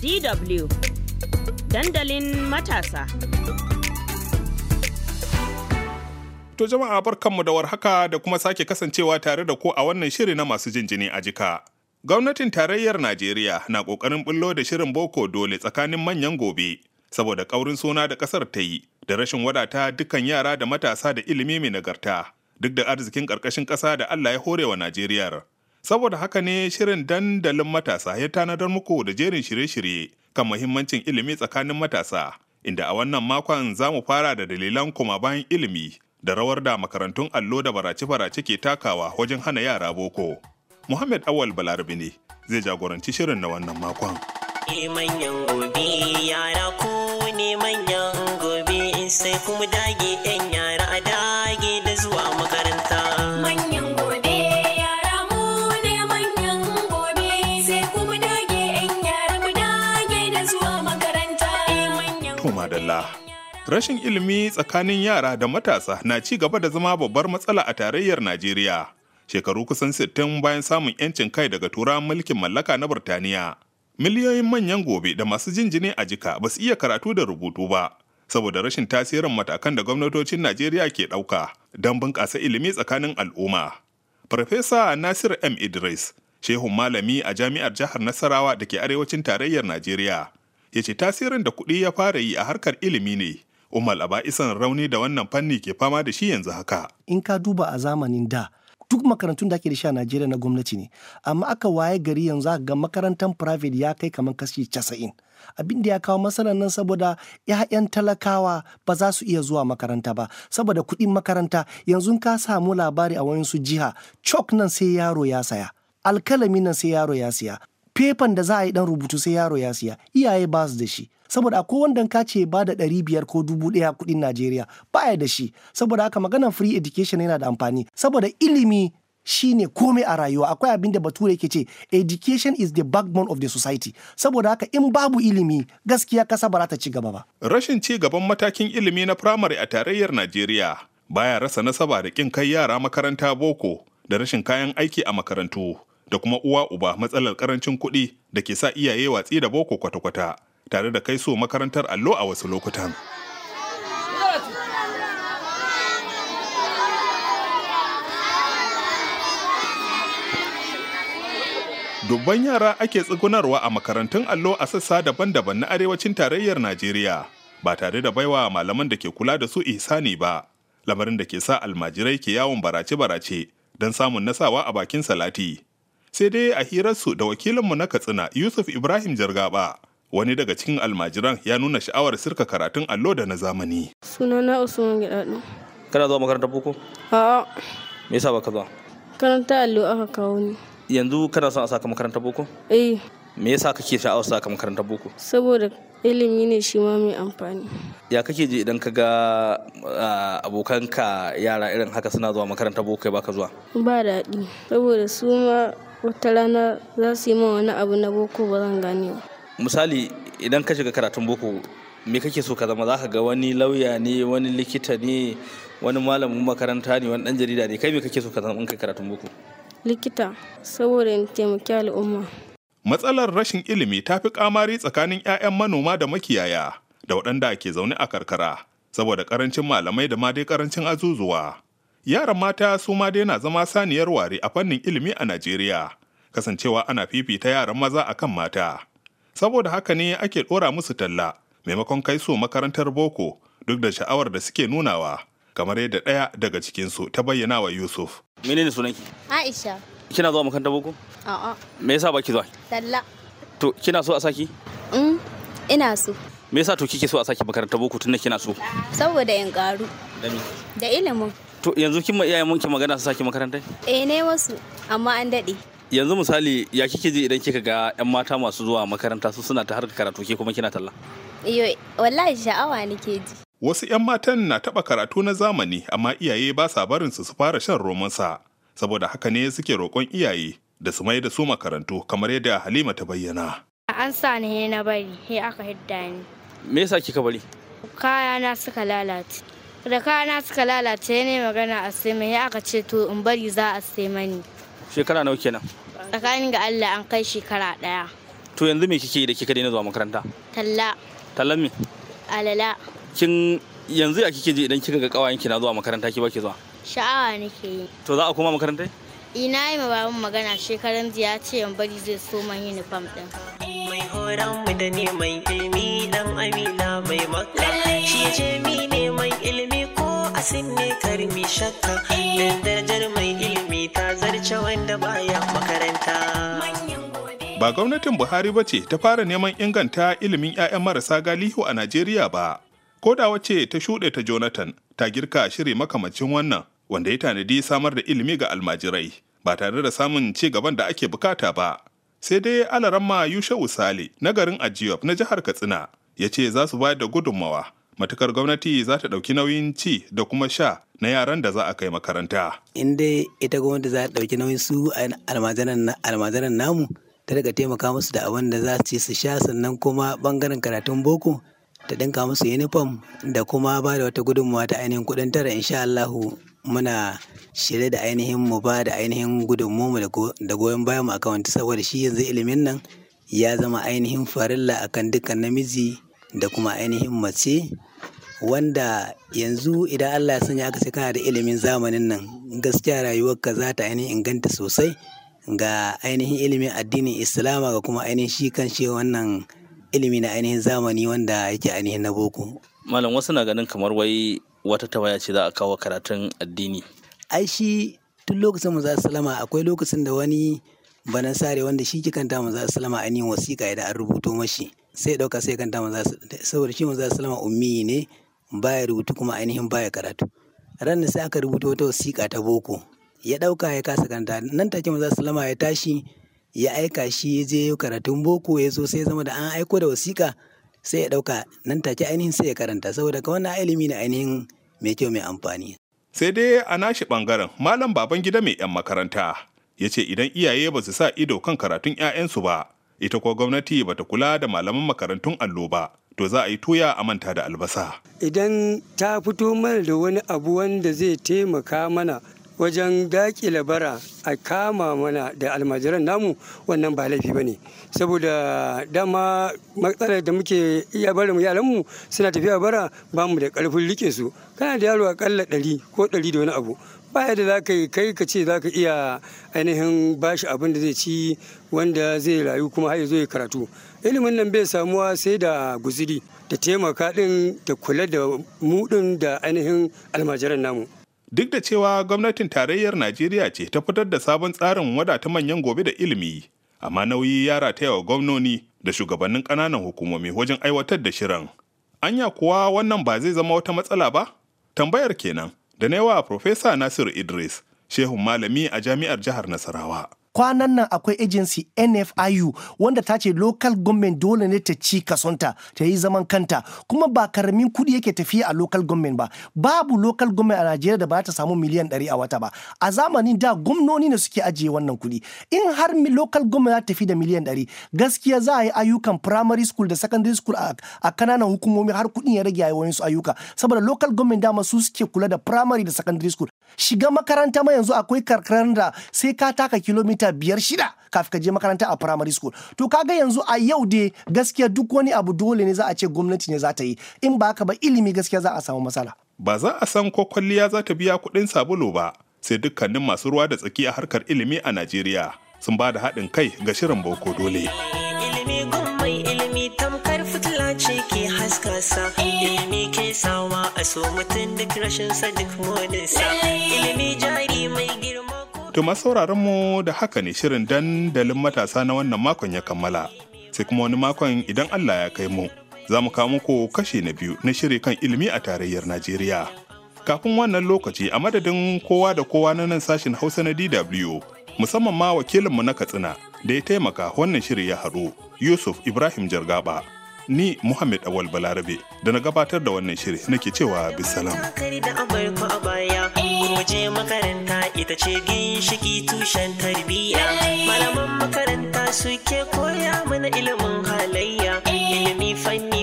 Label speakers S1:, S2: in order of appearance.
S1: DW dandalin matasa. To jama'a
S2: barkanmu da warhaka da kuma sake kasancewa tare da ku a wannan shiri na masu jin jini a jika. Gwamnatin tarayyar Najeriya na ƙoƙarin bullo da shirin boko dole tsakanin manyan gobe saboda ƙaurin suna da ƙasar ta yi da rashin wadata dukkan yara da matasa da ilimi mai nagarta duk da arzikin ƙarƙashin ƙasa da Allah ya hore wa najeriyar Saboda haka ne shirin dandalin matasa ya tanadar muku da jerin shirye-shirye kan muhimmancin ilimi tsakanin matasa, inda a wannan makon za mu fara da dalilan kuma bayan ilimi da rawar da makarantun allo da barace-barace ke takawa wajen hana yara boko. Muhammad Awal Balarabi ne zai jagoranci shirin na wannan makon.
S1: manyan gobe yara ku ne manyan sai kuma dage ɗanya
S2: Rashin ilimi tsakanin yara da matasa na ci gaba da zama babbar matsala a tarayyar Najeriya. Shekaru kusan sittin, bayan samun 'yancin kai daga turawan mulkin mallaka na Burtaniya. Miliyoyin manyan gobe da masu jinjini a jika ba su iya karatu da rubutu ba, saboda rashin tasirin matakan da gwamnatocin Najeriya ke ɗauka don bunƙasa ilimi tsakanin al'umma. Farfesa Nasir M. Idris, shehun malami a jami'ar jihar Nasarawa da ke arewacin tarayyar Najeriya, ya ce tasirin da kuɗi ya fara yi a harkar ilimi ne Umar isan rauni da wannan fanni ke fama da shi yanzu haka.
S3: In ka duba a zamanin da duk makarantun da ake da shi a Najeriya na gwamnati ne amma aka waye gari yanzu ga makarantar private ya kai kamar kashi casa'in abin da ya kawo masana nan saboda 'ya'yan talakawa ba za su iya zuwa makaranta ba saboda kuɗin makaranta yanzu ka samu labari a wayansu jiha cok nan sai yaro ya saya alkalami nan sai yaro ya saya, fefan da za a yi ɗan rubutu sai yaro ya saya, iyaye ba su da shi saboda akwai wanda ka ce ba da ɗari biyar ko dubu ɗaya kuɗin Najeriya ba ya da shi saboda haka maganar free education yana da amfani saboda ilimi shine komai a rayuwa akwai abin da bature ke ce education is the backbone of the society saboda haka in babu ilimi gaskiya kasa ba ta ci gaba ba
S2: rashin ci gaban matakin ilimi na primary a tarayyar Najeriya baya rasa nasaba da kin kai yara makaranta boko da rashin kayan aiki a makarantu da kuma uwa uba matsalar karancin kuɗi da ke sa iyaye watsi da boko kwata-kwata tare da kai so makarantar allo a wasu lokutan. Dubban yara ake tsugunarwa a makarantun allo a sassa daban-daban na arewacin tarayyar Najeriya ba tare da baiwa malaman da ke kula da su ihsani ba, lamarin da ke sa almajirai ke yawon barace-barace don samun nasawa a bakin salati. Sai dai a hirarsu da wakilinmu na Katsina Yusuf Ibrahim Jargaba wani daga cikin almajiran ya nuna sha'awar
S4: sirka karatun allo da na zamani sunana usman gidado kana zuwa makarantar boko a'a me yasa baka zuwa Karanta allo aka kawo ni yanzu kana son a saka makarantar boko eh me yasa kake sha'awar saka makarantar boko saboda ilimi ne shi ma mai amfani ya kake ji idan ka ga abokanka yara irin haka suna zuwa makarantar boko ya baka zuwa ba daɗi saboda su ma wata rana za su yi min wani abu na boko ba zan gane ba misali idan ka shiga karatun boko me kake so ka zama za ka ga wani lauya ne wani likita ne wani malamin makaranta ne wani dan jarida ne kai me kake so ka zama in kai karatun boko likita saboda in taimaki al'umma
S2: matsalar rashin ilimi ta fi kamari tsakanin 'ya'yan manoma da makiyaya da waɗanda ke zaune a karkara saboda karancin malamai da ma dai karancin azuzuwa yaran mata su ma dai na zama saniyar ware a fannin ilimi a najeriya kasancewa ana fifita yaran maza akan mata saboda haka ne ake ɗora musu talla maimakon kai su makarantar boko duk da sha'awar da suke nunawa kamar yadda ɗaya daga cikinsu ta
S4: bayyana wa yusuf menene sunanki aisha kina zuwa makarantar boko a'a me yasa baki zuwa talla to kina so a saki
S1: mm, ina so
S4: me yasa to kike so a saki makarantar boko tunda kina so
S1: saboda in karu da ilimin
S4: to yanzu kin ma iyayen mun ki magana su saki makarantar
S1: eh ne wasu amma an dade
S4: yanzu misali ya kike ji idan kika ga yan mata masu zuwa makaranta su suna ta harka karatu ke kuma kina talla
S1: iyo wallahi sha'awa nake ji
S2: wasu yan matan na taba karatu na zamani amma iyaye ba sa barin su su fara shan romansa saboda haka ne suke roƙon iyaye da su mai da su makarantu kamar yadda Halima ta bayyana
S4: an sa ni na bari he aka hidda ni me yasa kika bari kayana suka lalace da kayana suka lalace ne magana a sai
S1: mai aka ce to in bari za a sai mani
S4: Shekara nawa kenan?
S1: Tsakanin ga Allah an kai shekara ɗaya.
S4: To yanzu me kike da kika daina zuwa makaranta? Talla. Talla me? Alala. Kin yanzu ya kike ji idan kika ga kawayen ki na zuwa makaranta ki baki zuwa? Sha'awa nake yi. To za a koma makaranta? Ina yi ma baban magana shekaran jiya ce yan bari zai so man uniform din.
S1: Mai horon mu da ne mai ilimi dan amina mai makka. Shi jami ne mai ilimi ko asin ne karmi shakka. Dan darajar mai ilmi. ta zarce wanda baya makaranta.
S2: Ba gwamnatin Buhari ba ce ta fara neman inganta ilimin 'ya'yan marasa galihu a Najeriya ba. Ko da wace ta shuɗe ta Jonathan ta girka shiri makamacin wannan wanda ya tanadi samar da ilimi ga almajirai ba tare da samun ci gaban da ake bukata ba. Sai dai alaramma yusha Usali na garin Ajiyof na jihar Katsina ya ce za su bayar da gudunmawa matukar gwamnati za ta ɗauki nauyin ci da kuma sha na yaran da za a kai makaranta.
S1: In dai ita gwamnati za ta ɗauki nauyin su almajiran namu ta daga taimaka musu da abin da za su ci su sha sannan kuma bangaren karatun boko ta dinka musu uniform da kuma ba da wata gudunmawa ta ainihin kuɗin tara insha Allahu muna shirye da ainihin mu ba da ainihin gudunmawa da goyon bayan mu akan saboda shi yanzu ilimin nan ya zama ainihin farilla akan dukkan namiji da kuma ainihin mace wanda yanzu idan Allah ya sanya haka sai kana da ilimin zamanin nan gaskiya rayuwarka za ta ainihin inganta sosai ga ainihin ilimin addinin Islama ga kuma ainihin shi kan shi wannan ilimi na ainihin zamani wanda yake ainihin na boko.
S4: Malam wasu na ganin kamar wai wata tawaya ce za a kawo karatun addini.
S1: Ai shi tun lokacin mu za salama akwai lokacin da wani banan sare wanda shi ke kanta mu za salama ainihin wasiƙa idan an rubuto mashi sai ɗauka sai kanta mu za saboda shi mu za salama ummi ne ba ya rubutu kuma ainihin ba ya karatu. Ran sai aka rubuta wata wasiƙa ta boko. Ya ɗauka ya kasa karanta. Nan take maza Sallama ya tashi ya aika shi ya je ya karatun boko ya zo sai zama da an aiko da wasiƙa sai ya ɗauka nan take ainihin sai ya karanta saboda ka wannan ilimi na ainihin mai kyau mai amfani.
S2: Sai dai a nashi ɓangaren Malam baban gida mai 'yan makaranta ya ce idan iyaye ba su sa ido kan karatun 'ya'yansu ba, ita ko gwamnati ba ta kula da malaman makarantun allo ba to za a yi toya a manta da albasa.
S1: Idan ta fito mana da wani abu wanda zai taimaka mana wajen daƙile bara a kama mana da almajiran namu wannan ba laifi ba ne saboda dama matsalar da muke iya barin yaranmu suna tafiya bara ba mu da ƙarfin rike su kana da yaro akalla ɗari ko ɗari da wani abu baya da za ka yi kai ka ce za ka iya ainihin bashi abin da zai ci wanda zai rayu kuma har zo ya karatu ilimin nan bai samuwa sai da guziri da taimaka din da kula da mudin da ainihin almajiran namu duk da cewa
S2: gwamnatin tarayyar najeriya ce ta fitar da sabon tsarin wadata manyan gobe da ilimi amma nauyi ya rataya wa gwamnoni da shugabannin ƙananan hukumomi wajen aiwatar da shirin anya kuwa wannan ba zai zama wata matsala ba tambayar kenan da na wa Profesa Nasiru Idris, shehun malami a jami'ar jihar Nasarawa.
S3: kwanan nan akwai agency NFIU wanda ta ce local government dole ne ta ci kasonta ta yi zaman kanta kuma ba karamin kudi yake tafiya a local government ba babu local government a Najeriya da ba ta samu miliyan 100 a wata ba a zamanin da gwamnoni ne suke ajiye wannan kudi in har local government ta tafi da miliyan 100 gaskiya za a yi ayyukan primary school da secondary school a kananan hukumomi har kudin ya rage yayin su ayyuka saboda local government dama su suke kula da primary da secondary school shiga makaranta ma yanzu akwai karkaran da sai ka taka kilomita biyar shida kafin ka je makaranta a primary school to kaga yanzu a yau dai gaskiya duk wani abu dole ne za a ce gwamnati ne za ta yi in ba ka ba ilimi gaskiya za a samu matsala
S2: ba za a san ko kwalliya za ta biya kuɗin sabulu ba sai dukkanin masu ruwa da tsaki a harkar ilimi a Najeriya sun ba da haɗin kai ga shirin boko dole.
S1: Ilimi mai ilimi tamkar ke ilimi ke sawa a ilimi
S3: jari mai girma.
S2: To sauraron mu da haka ne shirin dandalin matasa na wannan makon ya kammala. Sai kuma wani makon idan Allah ya kai mu, za mu kawo muku kashe na biyu na shiri kan ilimi a tarayyar Najeriya. Kafin wannan lokaci a madadin kowa da kowa na nan sashin Hausa na DW, musamman ma wakilinmu na Katsina da ya taimaka wannan shirin ya haɗu, Yusuf Ibrahim Jargaba. Ni Muhammad Awal Balarabe da na gabatar da wannan shiri nake cewa bisalam.
S1: muje makaranta ita ce ginshiki tushen tarbiyya malaman makaranta suke koya mana ilimin halayya eh! ilimi fanni